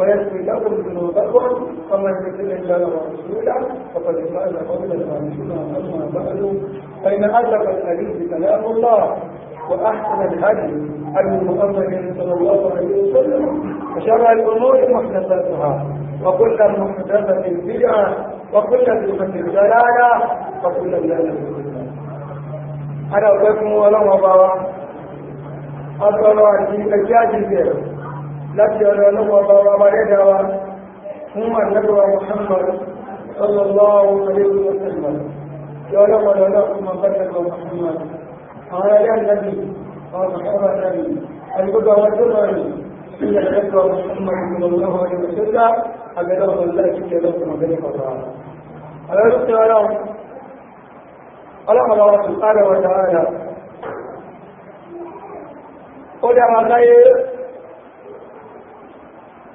ويغفر لهم ذنوبهم ومن الا له ورسوله فقد فاز قولا عظيما اما بعد فان اصدق الحديث كلام الله واحسن الهدي عن محمد صلى الله عليه وسلم وشرع الامور محدثاتها وكل محدثه بدعه وكل بدعه ضلاله وكل ضلاله أنا أقول لكم ولو أبوا أبوا أجي أجي أجي láti ọ̀rọ̀ ọlọ́pàá bá wa bá rẹ̀ dáwà fún àdẹ́gbà Muhammad sallallahu alaihi wa sallam kí ọlọ́pàá lọ́lọ́ fún àdẹ́gbà Muhammad àwọn ẹlẹ́ àdẹ́bì àwọn àdẹ́gbà àdẹ́bì àdẹ́gbà wọn tó máa rìn sí àdẹ́gbà Muhammad sallallahu alaihi wa sallam àgbẹ̀dọ̀ ọ̀lá ìkíkẹ́ lọ́pàá bẹ́ẹ̀ kọ̀ọ̀rọ̀ àwọn ẹlẹ́sìn ọlọ́run ọlọ́pàá wọn sùn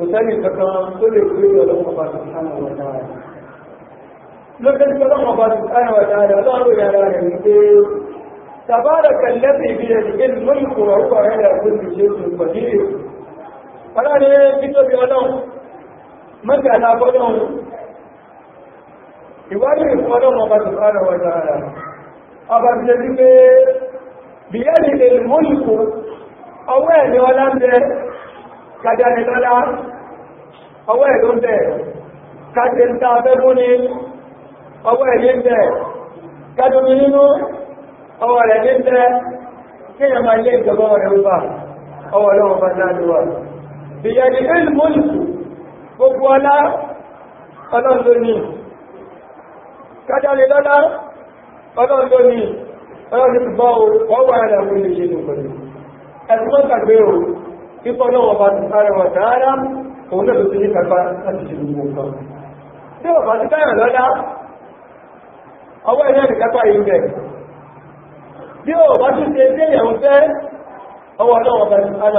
kò sẹ́ni kankan tó lè gbé ọlọ́wọ́ bá ti sáyẹn wọ̀ dáadáa lókèjì ọlọ́wọ́ bá ti sáyẹn wọ̀ dáadáa ọlọ́wọ́ yàrá rẹ̀ wípé tàbára kẹlẹ́bì ibi ẹ̀dìgbé lórí kòrò ọkọ̀ rẹ̀ rẹ̀ fún ìṣe òṣùn pọ̀jírì ọlọ́rẹ̀ títóbi ọlọ́run mọ́kànlá ọlọ́run ìwádìí ìfún ọlọ́run ọba tó fara wọ dáadáa ọba ti lè wípé bí ẹ̀dìgbé lórí kòrò ọwọ́ ẹ̀dẹ̀ ọlá ń bẹ kájáni tọ́lá ọwọ́ ẹ̀ ló ń bẹ̀ kájẹ ń ta abẹ́rú ni ọwọ́ ẹ̀ ní bẹ̀ kájọmi nínú ọwọ́ rẹ̀ ní bẹ̀ kí ẹ̀ máa lé ìjọba rẹ̀ wà ọwọ́ lọ́wọ́ bá dáadọ́wà ìyẹ̀dì ilmùlù gbogbo ọlá ọlọ́ndóní kájáni pípọ̀ náà wọ́n bá ti sáré wọn dáadáa òun náà ló ti ní kàgbá láti ṣe gbogbo nǹkan tí wọ́n bá ti káyàn lọ́dá ọwọ́ ilé ìkẹ́kọ̀ọ́ yìí bẹ̀ bí ó bá tún ṣe ilé ìyàwó fẹ́ ọwọ́ ọlọ́wọ́ bá ti sáré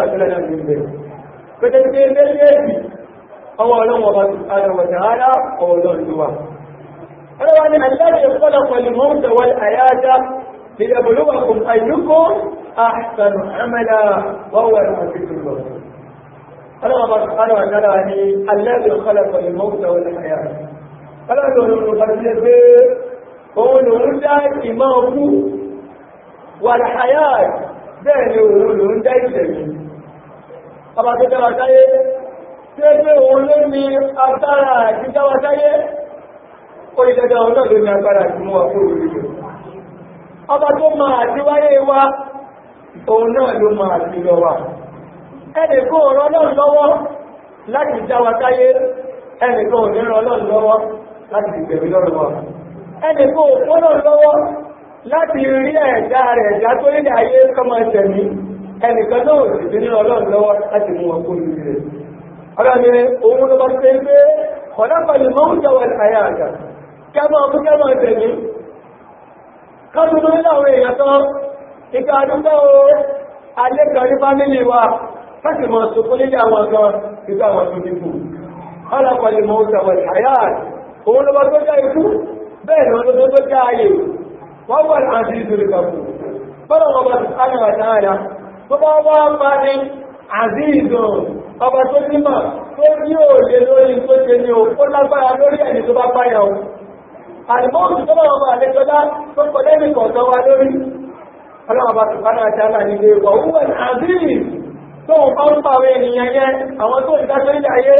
àjọlẹ̀ náà ليبلوكم أيكم أحسن عملا وهو العزيز الغفور أنا سبحانه وتعالى الذي خلق الموت والحياة أنا أقول لك òun dá ìmọ̀ ọkú wàlàhàyà bẹ́ẹ̀ ni òun ló ń dá ìṣẹ̀lẹ̀ ọba tó dáwà sáyé tí ó gbé òun ló ní agbára àti dáwà sáyé ó ìdájá òun náà ló ní agbára àti mú ọkú òun lè ọba tó máa àdíwáyé wa òun náà ló máa àti lọ wa ẹnìkan ọ̀rọ̀ ọlọ́run lọ́wọ́ láti jáwa táyé ẹnìkan òmìnira ọlọ́run lọ́wọ́ láti ìgbẹ̀mí lọ́rọ̀ wa ẹnìkan òpólọ̀ lọ́wọ́ láti rí ẹ̀dá rẹ̀ ẹ̀dá tó nílẹ̀ ayé kọmọ ẹ̀sẹ̀mí ẹnìkan náà sì bí nínú ọlọ́run lọ́wọ́ láti mú ọkùn lórí rẹ̀ kọ́dún lórí àwọn èèyàn tán ìkà àdúgbò alẹ́kọ̀ọ́ ní fámílì wa fẹ́sì mọ̀ sókó nílé àwọn kan ìgbà àwọn tó dìbò ọlọ́pàá mọ̀ òṣàwọ̀ ìhàyàt òun ló bá tó já ikú bẹ́ẹ̀ ni wọ́n tó já ayé wọ́n wà láti ìdúrí kàkù bọ́lá wọn bá sùkánà wà sáàrà tó bá wá bá ní àzíìdùn ọba tó símọ̀ tó ní òòlè lórí tó ṣe ní òkú lágbára lórí ẹni tó bá báyàwó àlùmọ́ọ̀sì tó lọ́wọ́ àlejọ́lá tó kọ lẹ́nu kọ̀ọ̀tọ́ wa lórí ọlọ́ọ̀bá tó bá náà jálà nílé wọ̀ wúwẹ̀ àdírí tó ń bá ń pàwẹ ènìyàn yẹn àwọn tó ń dájọ́ ilé ayé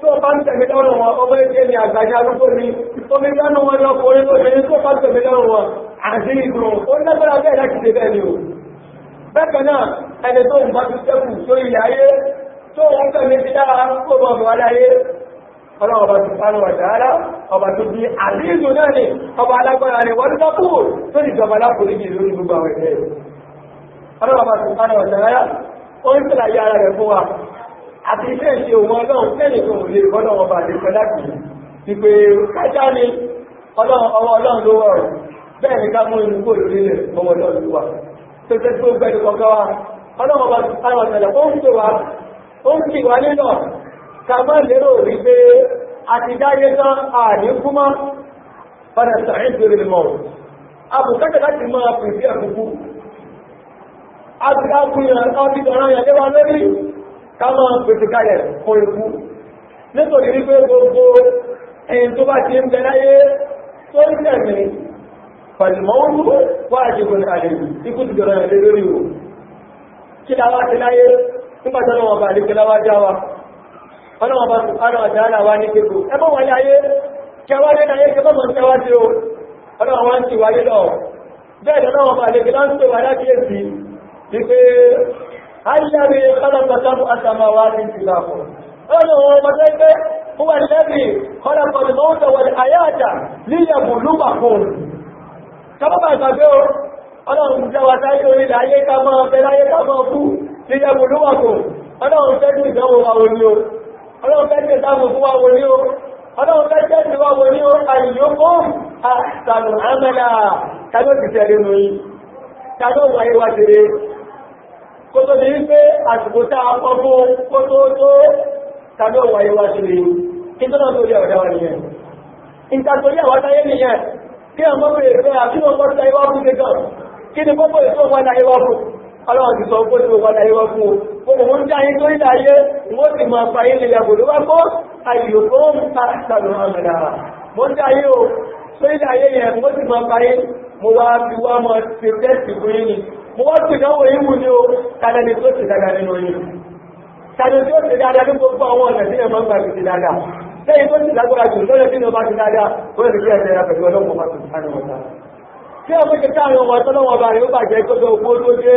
tó bá ń tẹ̀mí lọ́rùn wọn ọmọ ẹgbẹ́ ni àgbàjá arúgbó ni omi dánú wọn lọ́kùnrin lóbìnrin tó bá ń tẹ̀mí lọ́rùn wọn àdírí gùn ó lágbára bẹ́ẹ̀ láti ṣe bẹ́ẹ̀ ni o bẹ́ẹ̀ náà ẹni tó ń bá ti sẹ́kù tó ilé ayé tó ń tẹ̀mí sí dára ọlọ́wọ́ bá ti fánú ọ̀dára ọba tó bí àrízo náà ni ọba alágbára ni wọ́n tó kúrò tó ní ìjọba lápòrí jì lórí gbogbo àwọn ẹ̀rẹ́ ọlọ́wọ́ bá ti fánú ọ̀dára ó ń tẹ́lá yára rẹ̀ fún wa àti iṣẹ́ ìṣe òun ọlọ́run tẹ́lẹ̀ tó lè bọ́nà ọba àdìsọ láti wípé kájá ni ọwọ́ ọlọ́run ló wọ̀ bẹ́ẹ̀ ni ká mú inú kó lórí rẹ̀ ọwọ́ ọlọ́run ló wà tó tẹ́ tó gbẹ́ni kọ̀ọ̀kan wa ọlọ́run ọba ti fánú ọ̀dára ó ń pè wá ó ń kàmọ́ lérò wípé àti dáyé tán ààrí kúmọ́ padà sàárín torí mọ̀ abùkátà láti máa pè sí àkókò agbìyàn ọdí ọ̀rọ̀ yẹn léwa lórí kàmọ́ pèsè kalẹ̀ fún ikú nítorí wípé gbogbo ẹ̀yìn tó bá ti ń bẹ láyé tó ń tẹ̀mí pàlìmọ́wọ́n wà àjẹ́gbọ̀n àlejò ikú ti dọ̀rọ̀ yẹn lórí o kí láwá ti láyé nígbàtọ́nà wọn bá lè kí láwá já ọlọ́wọ́n bá sùkánà àjáàlà wá ní gbogbo ẹgbọ́n wáyé ayé kẹwàá ní ayé kẹwàá mọ̀ kẹwàá tí ó ọlọ́wọ́n wá ń ti wáyé lọ bẹ́ẹ̀ lọ́wọ́n bá lè gbá ń pè wá láti èsì ní pé alábi kọ́lọ̀pọ̀tọ́mù àtàmàwá ní ìtìláfọ́ ọlọ́wọ́n bá lẹ́gbẹ́ هو الذي خلق الموت والحياة ليبلوكم كما بعثوا ọlọ́run jẹ́wà sáyé orílẹ̀ ayé ká máa bẹ̀rẹ̀ ayé ká máa fún ní ẹgbùn lówàkùn ọlọ́run tẹ́jú ìdánwò wa orí o ọlọ́run fẹ́ jẹ́ táwọn fún wa wọ ní o ọlọ́run fẹ́ jẹ́ tí wa wọ ní o àyíyókó àtàlù àmàlà kájọ́ ti tẹ̀lé nù yìí kájọ́ wáyé wá tèrè kó tó di wípé àsìkò tá a pọ̀ fún kó tó tó kájọ́ wáyé wá tèrè kí tó náà tó yẹ ọ̀dá wa nìyẹn ìtàtòrí àwọn táyé nìyẹn kí ọmọ bèèrè pé àfihàn ọmọ táyé wá fún gẹ́gàn kí ni pọ́pọ̀ ìfún ó olùmọ̀ ń dá yín tó ń dá yé wọ́n sì máa fa yín lè gbòdó wá kó àyò tó ń ta ìtàlù àmàlà mo ń dá yé o tó ń dá yé yẹn wọ́n sì máa fa yín mo wá fi wá mọ ṣe tẹ́sì fún yín ni mo wá sì náwó yín wù ní o kálẹ̀ ni tó ti dáadáa nínú yín kálẹ̀ tó ti dáadáa ní gbogbo àwọn ọ̀nà tí ẹ̀ máa ń gbà ti dáadáa lẹ́yìn tó ti lágbára jù lọ́dọ̀ tí ni ọba ti dáadáa ó lè fi ẹ̀sẹ̀ pẹ̀lú ọlọ́mọ bá ti sáré wọn sára. tí ọmọ kẹta àwọn ọmọ ọtọ́lọ́wọ́ ọba rẹ̀ ó bàjẹ́ tó lọ owó tó dé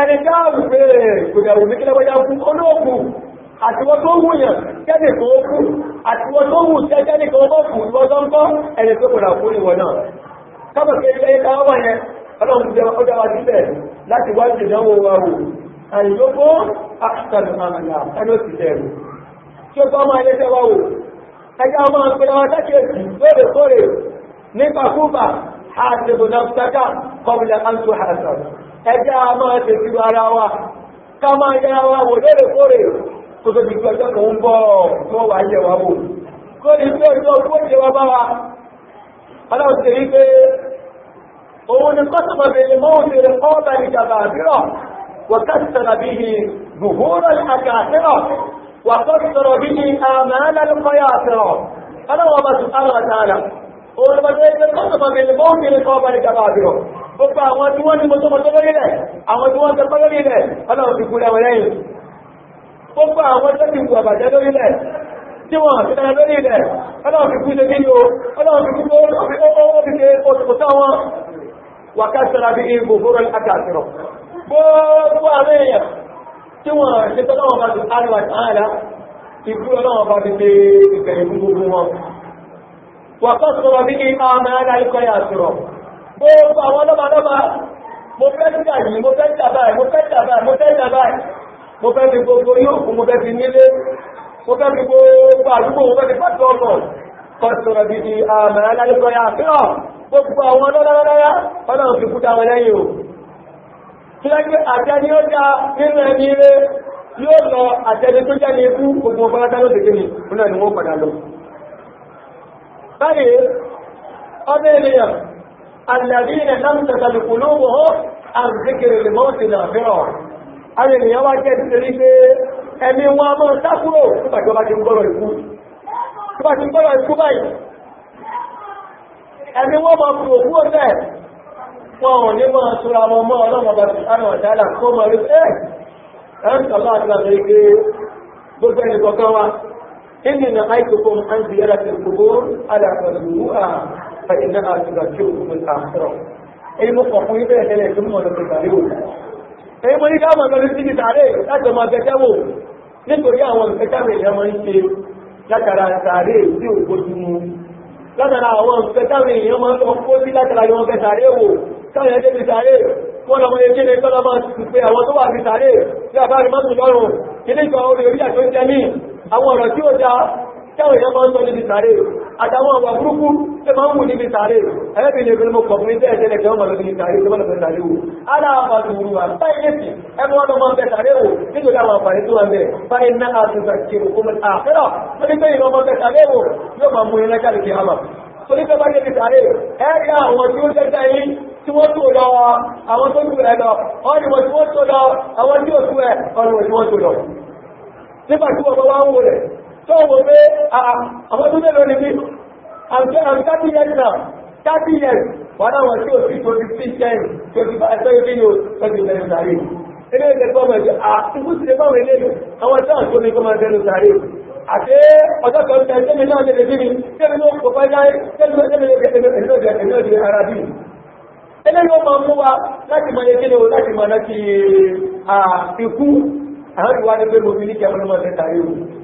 ẹni tí a rùgbé rẹ̀ kò dẹ̀rù ní kílẹ̀wọ́já fún olóògùn àtiwọ́ tó wù yàn kẹ́dẹ̀ kò ó kú àtiwọ́ tó wù tẹ́jẹ́ ní kò ó fún ìwọ́jọ́ kọ́ ẹni tó kòrà fún ìwọ̀ náà kábọ̀ kí ẹgbẹ́ ẹka wà yẹn ọlọ́run jẹ́ ọjọ́ wa sílẹ̀ láti wá sí ìdánwò wa wò àìyókó àṣìṣàlù àmàlà ẹni ó sì dẹ̀rù tí ó bá máa lẹ́sẹ̀ wa wò ẹjá máa ń ẹjá a máa tètè ara wa ká máa yára wa wò lóòrèkóòrè kó tó di pé ọjọ́ kan ń bọ̀ tó wà yẹ̀ wá wò kó di pé ọjọ́ kó jẹ wá bá wa ọlọ́run ti rí pé òun ni kọ́sọ̀mọ̀ bèèrè mọ́ òun bèèrè kọ́ bá àbírọ̀ wọ́n kásìtọ̀rọ̀ bí i gbùgbóró àkàtírọ̀ gbogbo àwọn tí wọ́n ní mọ́tọ́mọ́tọ́ lórí rẹ̀ àwọn tí wọ́n tẹ́kọ́ lórí rẹ̀ ọlọ́run ti kú lẹ́wọ̀ lẹ́yìn gbogbo àwọn tó ti àbàjẹ́ lórí rẹ̀ tí wọ́n ti lórí rẹ̀ o ọlọ́run ti kú ó fi wọn bí i gbogbo rẹ̀ àkàtìrọ̀ gbogbo àwọn èèyàn gbogbo àwọn ọlọ́mà lọ́mà mo fẹ́ jà yìí mo fẹ́ jà báyìí mo fẹ́ jà báyìí mo fẹ́ jà báyìí mo fẹ́ fi gbogbo yóò kú mo fẹ́ fi nílé mo fẹ́ fi gbogbo àdúgbò mo fẹ́ fi pàtó ọmọ kọsùrọ̀ bí i àmà alálẹ́kọ̀ọ́ yà fíọ̀ gbogbo àwọn ọlọ́lọ́lọ́lọ́lá ọlọ́run fi kúta wọn lẹ́yìn o tí wọ́n gbé àtẹni ó dá nínú ẹni ilé yóò lọ àtẹni tó jẹ́ ní ikú ogun ọgbọ́nátá ló tètè ní ọ̀nà ni wọ́n padà lọ báyìí ọdún الذين لم تزل قلوبهم عن ذكر الموت الآخرة أنا ni wá jẹ́ nítorí pé ẹni wọn mọ́ sákúrò nígbàjọba ti gbọ́rọ̀ ikú nígbà ti ẹni wọ́n mọ́ kúrò kúrò tẹ́ wọn ò ní mọ́ ṣúra mọ́ mọ́ ọlọ́mọba sùhánà ọ̀dálà kó mọ̀ rí pé ẹ̀rùsọ̀lá àti láti gbogbo ẹni wa فإنها تذكركم الآخرة أي مصرحون يبقى إليكم ولا تبالون أي مريك أما قالوا سيدي تعالي أنت ما تكاووا nítorí àwọn ìfẹ́kàwé èèyàn máa ń ṣe látara sàárè tí ò gbójúmú látara àwọn ìfẹ́kàwé èèyàn máa ń lọ kó sí látara ni wọ́n fẹ́ sàárè wò káwọn ẹgbẹ́ fi sàárè wọ́n lọ mọ́ye kéde tọ́lọ máa ti pé àwọn tó wà fi sàárè tí a bá rí mọ́tò lọ́rùn ilé ìjọ orí orí àjọ jẹ́ mí àwọn ọ̀rọ̀ tí ó da káwọn èèyàn máa ń lọ níbi sàárè àtàwọn àwọn burúkú ẹ máa ń wù níbi tààrí ẹ̀ẹ́bìn ìrìn mọ́ pọ̀ ní tẹ́ẹ̀tẹ́ lẹ́kẹ́ ọmọ lórí tààrí tó mọ́lẹ̀ tààrí wò ara àpàdùrù àtàìlẹ́sì ẹgbẹ́ wọn lọ́mọ bẹ tààrí wò nítorí àwọn àpàdé tó wọn bẹ báyìí ná àtúntà kiri kúmọ àfẹ́rọ̀ lórí pé ìrọmọ bẹ tààrí wò yóò máa mú iná jáde kìhámà torí pé báyìí ti tààrí ẹ̀ẹ́rí àwọn tí ó jẹ́jà yìí tí wọ́n tó lọ àwọn tó lù ẹ̀ lọ ọ̀rìnwọ̀ tí wọ́n tó lọ àwọn tí ó tú ẹ̀ ọ̀rìnwọ̀ tí wọ́n tó lọ nígbà tí wọ́n bá wá ń wò rẹ̀ tó wò pé àwọn tó mélòó ni bí àwọn thirty years now thirty years wà láwọn tí ò sí twenty six ten twenty o twenty seven sáré ilé ìjẹ tó ọmọ ìjọ àtúkú sí lè báwọn ilé àwọn tó àtúkú ní kọmọ ẹgbẹ̀rún sáré àti ọjọ́ kan tẹ tẹ́mi náà lè bí mi tẹ́mi ló kò fẹ́ láyé tẹ́mi ló tẹ́mi ló ara bí eléyìí ó mú wa láti mọ ẹyẹ kíni o láti mọ náà ti ikú àwọn ìwádìí pé mo fi ní kí ọmọ náà máa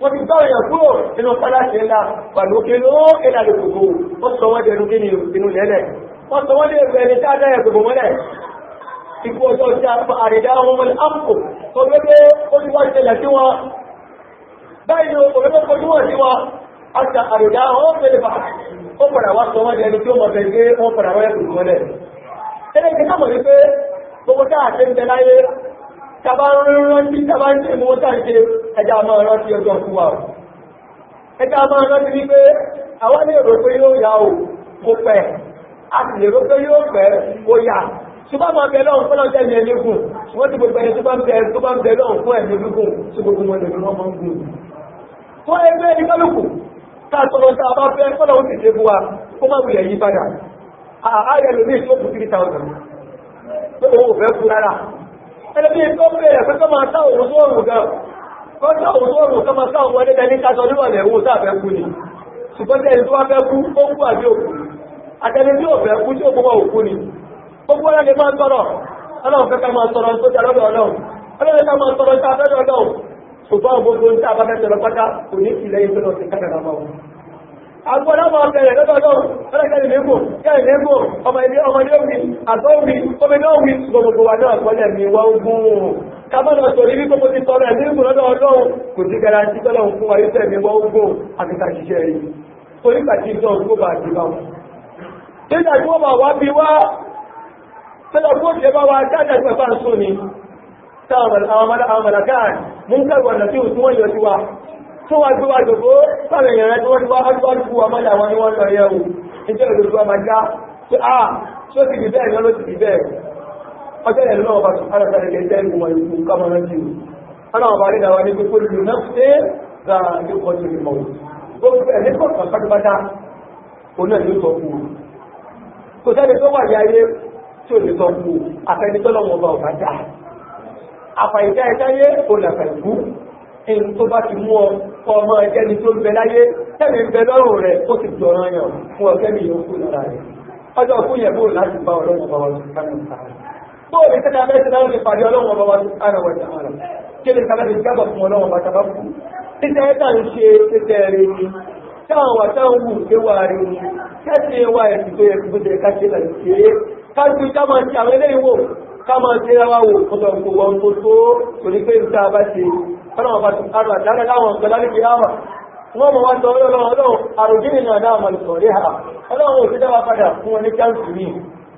wọ́n ti gbọ́ èèyàn kúrò nínú pálásì ńlá pẹ̀lú kí ló ẹ̀dà lè gbogbo wọ́n sọ wọ́n dẹnu kí ni inú lẹ́lẹ̀ wọ́n sọ wọ́n lè bẹ̀rẹ̀ tá a dá ẹ̀gbogbo mọ́lẹ̀ ikú ọjọ́ ti àrídá wọn mọ́lẹ̀ ápùkù tó gbé pé ó ti wọ́n ṣẹlẹ̀ sí wọn báyìí ni òun ló kojú wọn sí wọn àti àrídá wọn fẹ́lẹ̀ bá ó padà wá sọ wọ́n dẹnu tí ó mọ̀ bẹ̀ gbé wọn padà wọ́n ẹ̀gbogbo mọ́lẹ̀ tẹ́lẹ̀ ti ká mọ̀ wípé gbogbo táà ṣe ń tẹ láyé tàbá ń rántí tàbá ń tẹ̀ mọ́ tàà ẹjá máa rántí ọjọ́ fún wa ẹjá máa rántí wípé àwọn lè rò pé yóò yá o kò pẹ́ a sì lè rò pé yóò pẹ́ kò yá ṣùgbọ́n máa bẹ lọ́hùn fún ọjọ́ ẹ̀mí ẹni gùn wọ́n ti gbogbo ẹni tó bá ń bẹ tó bá ń bẹ lọ́hùn fún ẹ̀mí gígùn tí gbogbo wọn lèmi wọ́n máa ń gùn tó ẹgbẹ́ ẹni kálukú tá a fẹ́ tó máa tá òun tó òun gan kọjá òtóòrò kọmọ sáwọn wọlé tẹni káṣọ níwọ̀lẹ̀ owó sáfẹ́ kú ni ṣùgbọ́n tẹni tó wá fẹ́ kú ó kú àbí òkú àtẹni tí ò fẹ́ kú tí ó gbọ́mọ òkú ni gbogbo ọ̀rẹ́ ni máa ń tọrọ ọlọ́run fẹ́ ká máa tọrọ tó jà lọ́dọ̀ ọlọ́run ọlọ́run ká máa tọrọ tá a fẹ́ lọ́dọ̀ ṣùgbọ́n gbogbo ń tá a bá fẹ́ tọrọ pátá kò ní ìlẹ̀ yìí lọ sí kádàrà máa wọn. àgbọ̀ náà máa bẹ̀rẹ̀ lọ́dọ̀ ọlọ́run ọlọ́run kẹ́lẹ̀ lẹ́gbò kẹ́lẹ̀ lẹ́gbò ọmọ ilé ọmọ ilé òwì àgọ́ òwì omi náà òwì gbogbo wa náà gbọ́dẹ̀ kámọ́ lọ sọ níbi kókó ti tọrọ ẹ̀mí ìgbò lọ́dọ̀ ọlọ́run kò sí gara sí tọ́lọ́run fún wáyé tẹ̀mí wọ́n gbò àfikà ṣiṣẹ́ rí torí kàtí ìjọ ògbó bá ti bá wọn. Tẹ́lá tí wọ́n bá wá bí wá tẹ́lá tí wọ́n ṣe bá wá dáadáa tí bàbá ń sún ni táwọn mọ̀lákáà mú ń kẹrù ọ̀nà tí ò tún wọ́n yọ sí wa. Tó wá gbé wá dògbó sáwọn èèyàn tí wọ́n ti wá ọdún wa mọ́lá àwọn ni wọ́n lọ yẹ̀ wò. Ìjọ ìdòdó wa máa já. Ṣé à ah, ṣó ti di bẹ́ẹ̀ ni wọ́n ló ti di bẹ́ẹ̀ ọjọ́ ìlú náà bá tún ara sáré lẹ́jẹ́ ìgbìmọ̀ ìlú kámọ́ rántí o ọ̀nà ọba rí dáwà ní pípọ́ ìlú náà ṣe gba ìkọ́ tó ní mọ̀ gbogbo ẹ̀mí kọ̀ọ̀kan pátápátá òun náà yóò sọ fún o kò sẹ́ni tó wà ní ayé tí ò ní sọ fún o àfẹni tó lọ́wọ́ ọba ọba dà àfàìjá ẹ̀dáyé olàfẹ̀kú ẹni tó bá ti mú ọ ọmọ ẹgẹ́ni tó ń bẹ láyé tẹ́mi ń bẹ lọ́rùn rẹ̀ ó ti jọ̀ràn yàn fún ọgẹ́mi yòókù lára rẹ̀ ọjọ́ fún yẹ̀bù láti bá ọlọ́run bá ọlọ́run bóòlù tí a mẹ́sìn láwọn ìpàdé ọlọ́wọ́ bàbá tó sára wà sára kí ni kàbẹ́ ti jábọ̀ fún ọlọ́wọ́ bàtà bá kú títẹ́ ẹ̀ta ń ṣe títẹ́ rẹ̀ ni táwọn wà táwọn wù pé wà rẹ̀ ni kẹ́sì wà ẹ̀sì tó yẹ kúkú tẹ̀ káṣí là ń ṣe é kájú ká máa ṣe àwọn eléyìí wò ká máa ṣe ra wá wò kó lọ kó wọn kó tó torí pé ń tá a bá ṣe ọlọ́wọ́ bá tó sára dára láwọn ọ̀gbẹ́ lálẹ́ wọ́n mọ̀ wá sọ ọlọ́run ọlọ́run àròjìnì náà náà mọ̀ lùsọ̀rí ha ọlọ́run òṣìṣẹ́ wa padà fún ọ ní káńsì yìí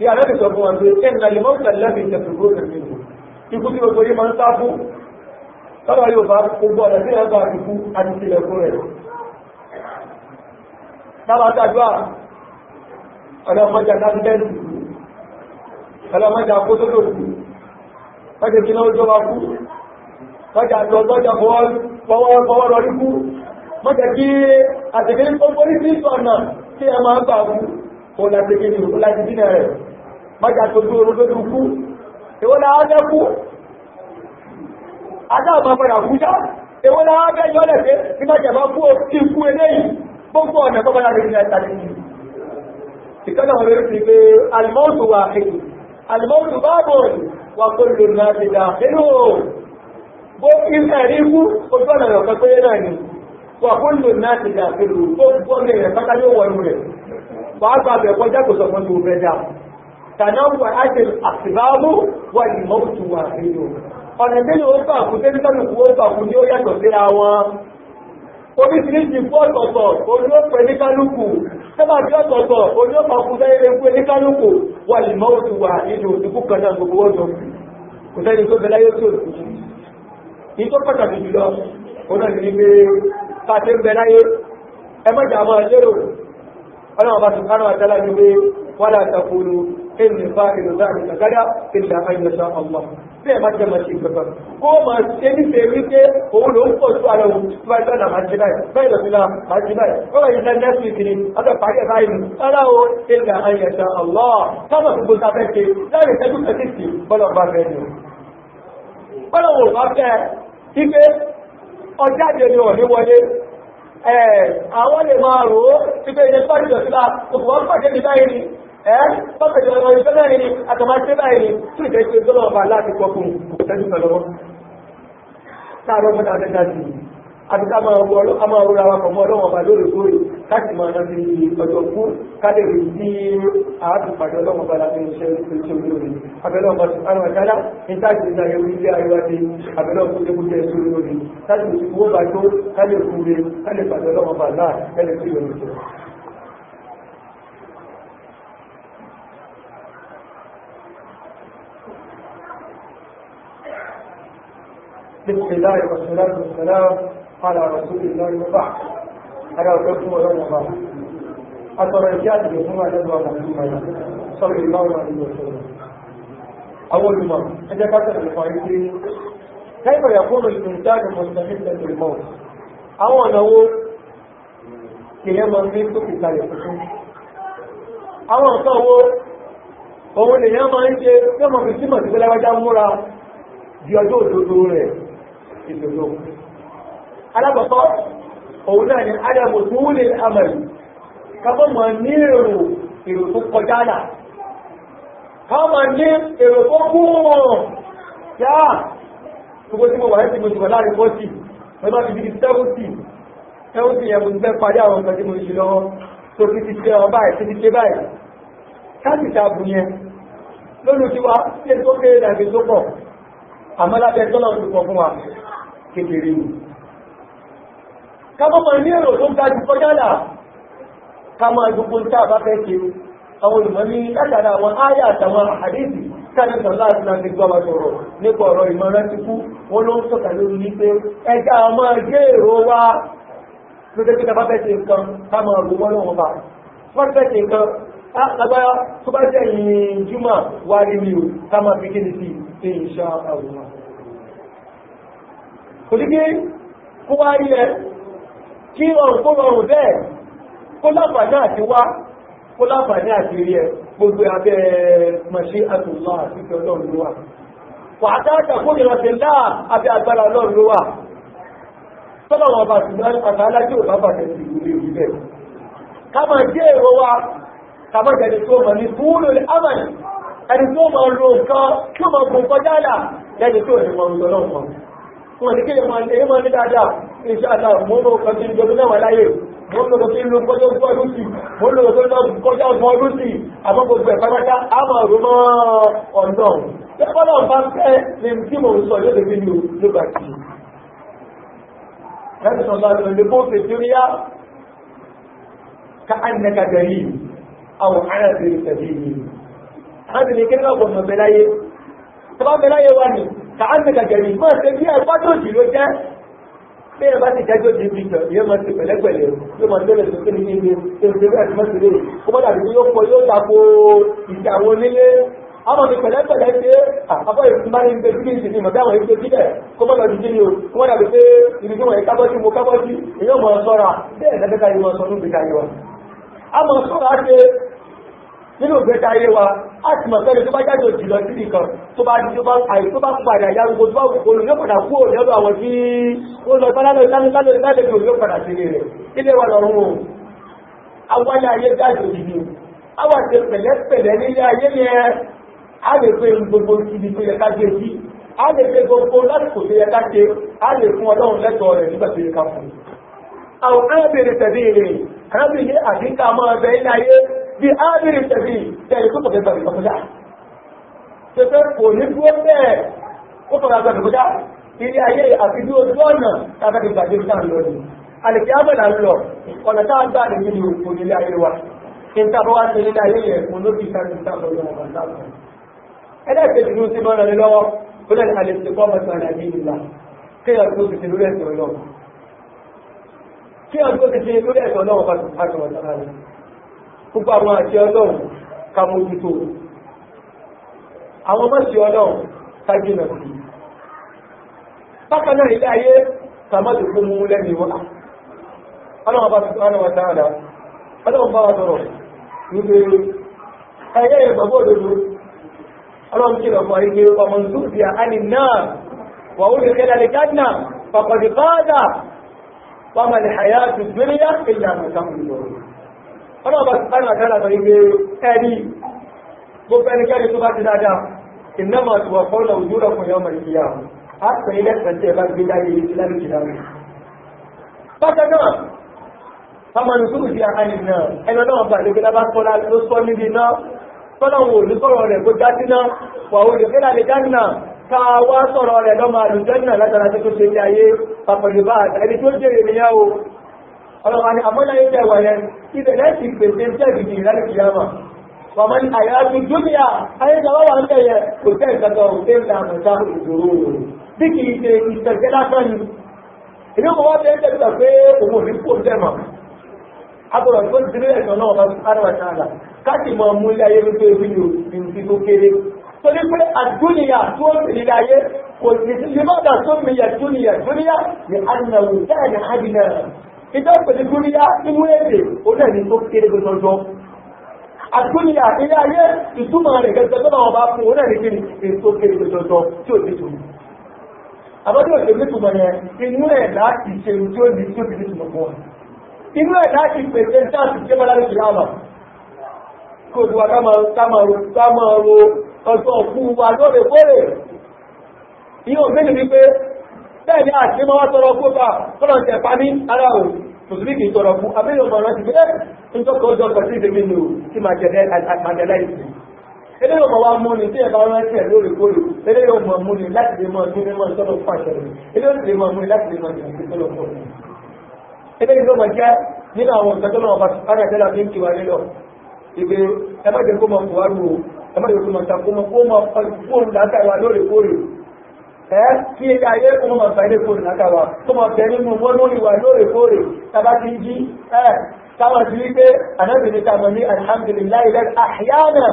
ní àlẹ́bí sọ fún wọn pé ẹnìyà lè mọ́ ìtàlẹ́ lẹ́bí ìtẹ̀sùgbó ìrìn nínú ikú tí gbogbo yìí máa ń sáfù tọ́lọ̀ yóò bá gbogbo ọ̀nà sí ẹgbà ikú àti ìṣẹ̀lẹ̀ fún rẹ̀ tábàtàdúà ọlọ́mọjà dáńdẹ́ǹtì ọlọ́mọjà kótótó kù wọ́n ti fi náà jọba kú wọ́n jà lọ lọ́jà fọwọ́ rọrí kú wọ́n jẹ́ kí àtẹ̀kẹ́ ní mọ́jà tó dúró ló lójú kú èwo la wá fẹ́ kú adáàmọ́ padà kú sá èwo la wá fẹ́ yọ́ lẹ̀ pé bí mọ́jà bá kú kí kú eléyìí gbogbo ọ̀nà tó padà rí ní ẹ̀ta ní ìkọ́nà wọn lórí pé alimọ́ọ̀tù wà kéde alimọ́ọ̀tù bá bọ̀ wà kó lò náà ti dà nínú wà kó lò náà ti dà nínú gbogbo ọ̀nà ìrẹ̀ pátá yóò wọ inú rẹ̀ wà á gbàgbẹ̀ kọjá kò sọ fún ìwò fẹ́ dáa تنوعت الأسباب والموت واحد ọ̀nà tẹ́lẹ̀ ó gbà kú tẹ́lẹ̀ tọ́nà kú ó gbà kú ní ó yàtọ̀ síra wọn oríṣiríṣi fún ọ̀tọ̀ọ̀tọ̀ olóòpẹ̀ ní kálukú tẹ́bà tí ọ̀tọ̀ọ̀tọ̀ olóòpàkú fẹ́rẹ̀ẹ́gbẹ́ ní kálukú wà lè mọ́ òtù wà nínú òtùkú kan náà gbogbo ọjọ́ kò sẹ́ni tó bẹ̀lá yóò tó òtù ní tó pàtàkì jùlọ ọ̀nà ní ní pé pàtẹ́ bẹ̀lá إن فاعل ذلك كذا إلا أن يشاء الله bẹ́ẹ̀ máa jẹ́ máa ṣe ìgbẹ̀fẹ̀ kó máa ṣe ní ṣe wípé òun ló ń pọ̀ sí ara òun bá ẹgbẹ́ náà máa jẹ báyìí bẹ́ẹ̀ lọ sí náà máa jẹ báyìí ó wáyé ṣe next week ni ọjọ́ parí ẹ̀ báyìí ara o ilẹ̀ ayẹ̀ṣẹ̀ ọlọ́ káwọn gbogbo ta fẹ́ ṣe láì ṣẹ́jú kẹsì sí bọ́lọ̀ bá fẹ́ ni bọ́lọ̀ wò bá fẹ́ ipe ọjà jẹ ni ò ní wọlé àwọn lè máa rò ó ipe ilẹ̀ pàdé òkùnkùn wọn pàdé mi báyìí ẹ́ pọ́pẹ̀tẹ̀ ọmọ ìṣẹ́ mẹ́rin ni àtọ̀máṣẹ́ báyìí tí ìjẹ́ ṣe gbọ́nà ọba láti pọ̀ fún ìtẹ́jú pẹ̀lọ́wọ́ táàrọ̀ mọ́ta tẹ́ta sí àti ká máa rọra wa pọ̀ mọ́ ọlọ́wọ́ ọba lóòrèkóòrè láti máa rántí ọjọ́ fún kálẹ̀rì tí àádùpàdé ọlọ́wọ́ ọba láti ṣe ṣe olóore abẹ́lẹ́ ọmọ sùpárọ̀ ọ̀dádá ní táàkì ní ayé orí ilé ayé wáde abẹ́lẹ́ ọmọ tó jẹ́ ṣe olóore láti ṣe owó bá tó kálẹ̀ fúre kálẹ̀ pàdé ọlọ́wọ́ ọba láà kálẹ̀ fúre بسم الله والصلاة والسلام على رسول الله وبعد أنا أقول ولا وبعد أترجات يوم الأدوى محمد صلى الله عليه وسلم أول مرة أنت كتب الفائزين كيف يكون الإنسان مستحيلا للموت أو أنه كيما نفسه في التاريخ àwọn ọ̀sán owó òun lèyàn máa ń ṣe tí ọmọ fi símọ̀ sí pé láwájá múra di ọjọ́ òdodo rẹ̀ ìdòdó alábọ̀tọ́ òun náà ni adamu túnlé amẹ̀lú kábọ̀ mọ̀ ní èrò èrò tó kọjá là kábọ̀ ní èrò tó kú wọn yá gbogbo tí mo wà ní mo ti wà láàrin fọ́tì wọ́n bá ti di sẹ́wọ́tì sẹ́wọ́tì yẹn mo ti fẹ́ parí àwọn ọmọ tí mo ṣe lọ́wọ́ tó ti ti ṣe ọba ẹ̀ ti ti ṣe báyìí káàkì ìṣàbù yẹn lónìí tí wa ṣe tó kéré dàgbé tó pọ̀ àmọ́ lábẹ́ tọ́lọ̀ tó pọ̀ fún wa kékeré ni kábọ́mọ̀ ní èrò tó ga jù kọjá là ká máa gbogbo ní káàbá fẹ́ ṣe àwọn olùmọ̀ ní látara àwọn áyà àtàwọn àdéhìí káàdì ọrọ àti láti gbọ́ sọ̀rọ̀ wọn ló ń lórí ní pé ẹja ọmọ ẹgbẹ́ èrò wa ló dé kíkà bá fẹ́ ṣe nǹkan ká máa lọ́wọ́ bá wọ́n fẹ́ ṣe nǹkan kò ní kí kó wá rí ẹ kí rọrùn kó rọrùn bẹ́ẹ̀ kó láǹfààní àti wá kó láǹfààní àti rí ẹ gbogbo abẹ́ mọ̀ṣí àtùlọ́ àti ìfẹ́ ọlọ́run ló wà wàtàkà kó ìrọ̀sẹ̀ láà abẹ́ agbára ọlọ́run ló wà tọ́lọ̀wọ̀n bá ti máa pàtà alájí ò tó mọ̀ ní fúúrò lè ámà ẹni tó mọ̀ ro nǹkan tó mọ̀ gùn kọjá là tó ní wọn lọ́nà wọn ní kéèyàn máa ní èyí máa ní dáadáa iṣẹ́ àtà mọ́nà kan tí ń jọ náà láyé mọ́nà tó ń lo kọjá ọgbọ́n ọdún sí mọ́nà tó ń lọ kọjá ọgbọ́n ọdún sí àmọ́ gbogbo ẹ̀ pátápátá á máa rò mọ́ ọ̀nà tẹ́kọ́lọ̀ bá fẹ́ ní tí mò ń sọ yóò lè fi lò lóba kì í. láti sọ̀rọ̀ láti lè bó ṣe tí ó yá ká ànàkà gẹ̀rí àwọn arábìnrin tẹ̀lé yìí. láti ní kéèyàn ọ̀gbọ̀n mọ̀ bẹ́láyé. tọ́ba bẹ́láyé wà ní kàánìkà jẹ̀rì mọ́ ṣe bí ẹgbọ́ tó ló jẹ́ bí ẹ bá ti jẹ́ tó bí jọ yóò máa ti pẹ̀lẹ́pẹ̀lẹ́ yóò máa tẹ́lẹ̀ tó kí ni ní ilé tó ń tẹ́lẹ̀ tó ti lè kó bọ́dà bí yóò pọ̀ yóò tako ìjà àwọn onílé àwọn mi pẹ̀lẹ́pẹ̀lẹ́ ṣe àbọ̀ ìfúnmáyé ń gbé sí ìsìn ìmọ̀ bí àwọn ìgbé sílẹ̀ kó bọ́dà bí kíni o kó bọ́dà bí pé ibi nínú ìgbẹ́ta ayé wa a sì mọ̀ sẹ́lẹ̀ tó bá jáde òjì lọ sí nìkan tó bá tó bá àyè tó bá padà yárúgbó tó bá gbogbo olùyọ́ padà kú òní ọ̀dọ̀ àwọn tí ó lọ bá lálẹ́ lálẹ́ lálẹ́ lálẹ́ bí olùyọ́ padà sí rẹ̀ ilé wa lọ́rùn o awálé ayé jáde òjì ni àwọn àti pẹ̀lẹ́pẹ̀lẹ́ nílé ayé ni ẹ a lè pe gbogbo ibi tó yẹ ká gbé sí a lè pe gbogbo lásìkò bí ábìrì tẹ̀lé tẹ̀lé tó tọ̀tẹ̀ bẹ̀rẹ̀ ìkọ̀kọ̀já tẹ̀fẹ́ kò ní dúró bẹ́ẹ̀ ó tọ̀rọ̀ àgbẹ̀rẹ̀ ìkọ̀kọ̀já ilé ayé àti bí ojú ọ̀nà tàbí ìgbàjẹ́ ìjà ń lọ ni àlèkí ábẹ̀là ń lọ ọ̀nà tá a gbà lè nínú òkú ilé ayé wa kí n tábọ̀ wá sí ilé ayé yẹn mo ló fi sáré ìjà lọ lọ́wọ́ bá ń dà lọ. ẹlẹ́ẹ̀kejì ní gbogbo àwọn àti ọlọ́run ká mójútó àwọn mọ́sí ọlọ́run ká jìnà sí bákan náà ilé ayé tàmọ́tò fún mú lẹ́ni wọ́n ọlọ́run bá ti tọ́wọ́n wọn dáadáa ọlọ́run bá wa tọrọ wípé ẹyẹ ìgbàgbọ́ òdodo ọlọ́run kí lọ fún ayé pé ọmọ nzú ti náà wà ó lè kẹ́lá lè jáde fàkọ̀dé báadà wà má lè hayá tó gbéríyá ìlànà ìsàmùlò ọlọ́ọ̀bá ti sáyìn àjálà sọ ìgbé ẹ̀rí gbogbo ẹnikẹ́ni tó bá ti dáadáa ìnáma ti wà fọ́nà òjúrà fún yọmọ ìyá a pè ilẹ̀ pẹ̀lú ẹ̀bá gbé láyé ìsìlámi ìdáwó bákan náà amọ̀nù tó ti àkàní náà ẹnu náà bá lè gbéra bá kọ́lá ló sọ níbi náà tọ́lá wo ní sọ̀rọ̀ rẹ̀ kó jáde náà wà ó lè gbéra lè jáde náà ká wá sọ̀rọ̀ rẹ̀ lọ́mọ àlùjọ́ náà látara tó tó ṣe ní ayé pàpàlùbá ẹni tó jèrè nìyàwó ọlọ́pàá ni àmọ́lá ilẹ̀ wẹ̀rẹ̀ ibẹ̀ lẹ́sì pèsè jẹ́bìdì ìrẹ́lẹ̀ kìyàmà wàmọ́ ni àyàfi dúnìyà ayédáwà wà ń tẹ̀yẹ kò tẹ́ ìgbàgbọ́ òfin ní àmọ̀ta òdòrò bí kì í ṣe ìṣẹ̀jẹ́ lásán ni ìlú kò wá bẹ́ẹ̀ tẹ̀síwà pé òun ò ní kó tẹ̀mọ̀ agbọ̀rọ̀ tó ti rí ẹ̀sán náà bá ara wà sáàlà káàkiri mọ̀ mú ilé ayé wípé ebi ni òfin ti tó kéré torí pé àdúnìyà tó ń tẹ̀lé ayé kò sì sí lè ìjọ ìpèsè dúníyà nínú èdè onílẹ̀ tó kéré gbẹ̀sọ́jọ́ àdúníyà ilé ayé ìtumọ̀ rẹ̀ gẹ́gẹ́ tó náà bá fún onílẹ̀ kí ni tó kéré gbẹ̀sọ́jọ́ tí ò ní tùmù àbọ́ tí ò ṣe nítumọ̀ yẹn inú ẹ̀ láti ṣe tí ó ní tí ó fi nítumọ̀ fún wa inú ẹ̀ láti pèsè dáàtì tí ó bá láti ṣe àmà kò tí wa ká máa ro ọjọ́ fún wa lóòrèkóòrè ìyóò méjì wípé bẹ́ẹ̀ ni àti mọ́ tọrọ fún ọba kọ́lọ̀tẹ̀ pa ní ara ò mùsùlùmí kìí tọrọ fún abẹ́yọ̀ mọ̀ rántí pé ń tọ́kọ̀ ọjọ́ kan sí ìdèmí ni ò tí máa jẹ̀dẹ́ àgbàdẹ́lá ìsìn eléyìí ọmọ wa múni tí ẹ bá rántí ẹ lóòrèkóòrè eléyìí ọmọ múni láti lè mọ ní mímọ ìtọ́lọ̀ fún àṣẹ rẹ̀ eléyìí lè mọ múni láti lè mọ ìtọ́lọ̀ ìtọ́lọ̀ fún ọ̀rẹ́ kó mọ buhari o ẹ kó mọ takó mọ kó látàrí wa lóòrèkóòrè kí ilé ayé kún mọ̀ sàílé kòrò nákàwà tó mọ̀ tẹ́ nínú wọ́n lórí wà lóòrèkóòrè tàbá ti jí ẹ̀ táwọn ti wípé anábìnrin tàbọ̀ ní alhamdulillah ilẹ̀ àhíyánà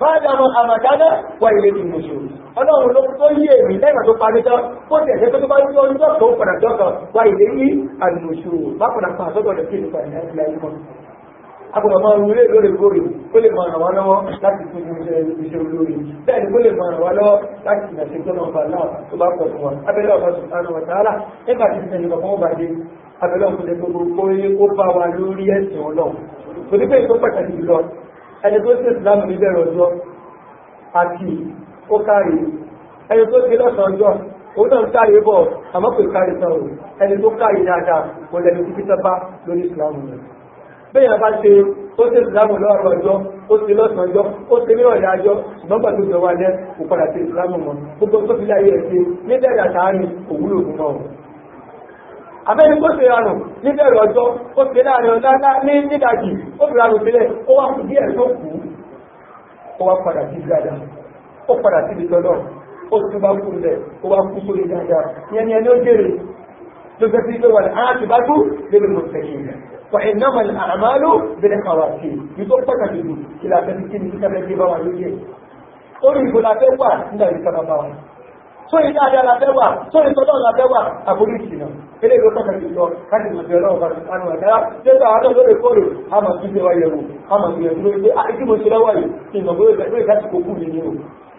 báyà mọ̀ àmàdánà wà ilé ti mọ̀ ṣòro ọlọ́run ló tó yí èmi lẹ́gbà tó parí tán kó tẹ̀sẹ̀ tó tó bá yí agbọ̀dọ̀ máa rú ilé lóòrèkóòrè kó lè máa ràn wá lọ́wọ́ láti tún iṣẹ́ iṣẹ́ olóore bẹ́ẹ̀ ni kó lè máa ràn wá lọ́wọ́ láti ìdàṣẹ́ tó náà bà náà tó bá pọ̀ fún wa abẹ́lẹ́ ọ̀sán sùpánù ọ̀tàálà nígbà tí ìṣẹ̀lẹ̀ bàbá wọn bàjẹ́ abẹ́lẹ́ ọ̀sán tó gbogbo kó bá wa lórí ẹ̀sìn ọlọ́run torí pé ìtọ́ pàtàkì jùlọ ẹni tó ṣe ìsìlámù ní bẹ̀rẹ̀ ọjọ́ àti ó kárí náà ń bọ̀ àmọ́ pé kárí ẹni tó kárí dáadáa wọlé ní títí sábà lórí ìsìlámù rẹ̀ bẹ́yàn bá ṣe ó ṣe ìsìlámù lọ́rọ̀ ọjọ́ ó ṣe lọ́sàn ọjọ́ ó ṣe nírọ̀lẹ́ ajọ́ ṣùgbọ́n pàtó jọ wà lẹ́ kò padà ṣe ìsìlámù mọ́ gbogbo tó fi láyé ẹ̀ṣe níbẹ̀rẹ̀ àtàárín òwúlò fún náà abẹ́ni kó ṣe rànù níbẹ̀rẹ̀ ọjọ́ ó ṣe láàrin ọjọ́ ní nídàjì ó fi rànù sílẹ̀ ó wá kú díẹ̀ tó kù ó wá padà sí dáadáa ó padà sí ibi tọ́lọ́ ó tún bá kú lẹ̀ ó wá kú sórí dáadáa ìyẹn ni ẹni ó jèrè ló fẹ́ sí pé wà ní àátìbájú lébè mọ̀ sẹ́yìn rẹ̀ فإنما الأعمال بالخواتيم يتوقع كثير كلا تنكين كتابة جبا ويجي orí ìbò la fẹ́ wà nígbà ìrìn kan bá wa tó ìdá àdá la fẹ́ wà tó ìtọ́jọ́ la fẹ́ wà àkórí ìsìnà ilé ìlú pẹ̀lú ìlọ káàdì ìmọ̀jẹ̀ ọlọ́run bá sánú ẹ̀dára tí ó tààrà lórí kóòrò a máa tún ṣe wáyé wò a máa tún yẹ̀ lórí pé àìsí mo ṣe lọ́wọ́ yìí ìmọ̀ bóyá ìgbà ìgbà ìgbà ìgbà ìgbà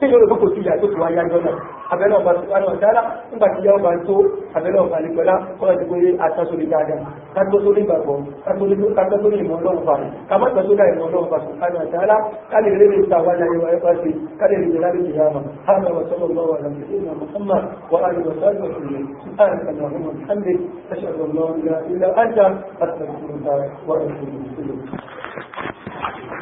tí lórí gbogbo sí ìyàtò tó wáyé ajọ́ náà abẹ́lẹ̀ ọba tó wá náà dára nígbà tí yàwó bá tó abẹ́lẹ̀ ọba ní pẹ̀lá kọ́ra ti gbé atásórí dáadáa kátó sórí ìgbàgbọ́ kátó ìmọ̀ ọlọ́run fa kàmá ìmọ̀ ọlọ́run fa sùn dára kálí rẹ̀ lè ta wáyé ayé wáyé fásitì kálí rẹ̀ lárí ti yàmà hàmà wà sọ́mọ́ bá wà lábẹ́ sí Muhammad wà